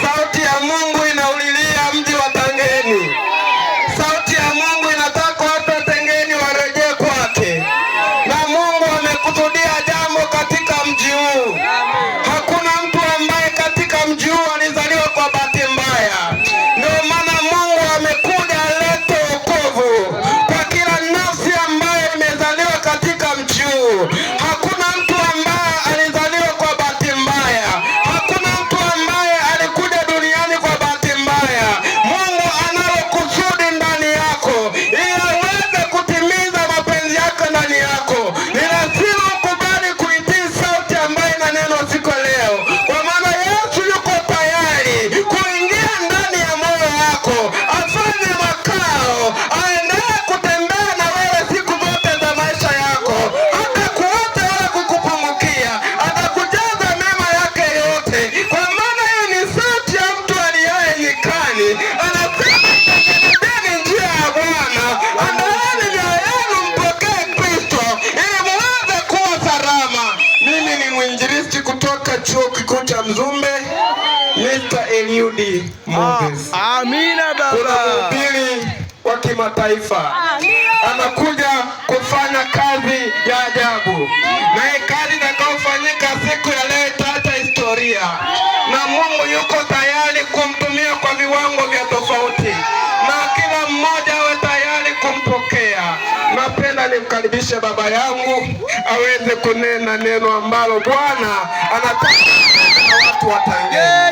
Salte a mão mwinjilisti kutoka Chuo Kikuu cha Mzumbe Mr. Eliud Moses. Ah, amina baba. Kuna mhubiri wa kimataifa anakuja kufanya kazi ya ajabu, na kazi itakayofanyika siku ya leo itaacha historia, na Mungu yuko tayari kumtumia kwa viwango vya naye baba yangu aweze kunena neno ambalo Bwana anataka watu watangaze.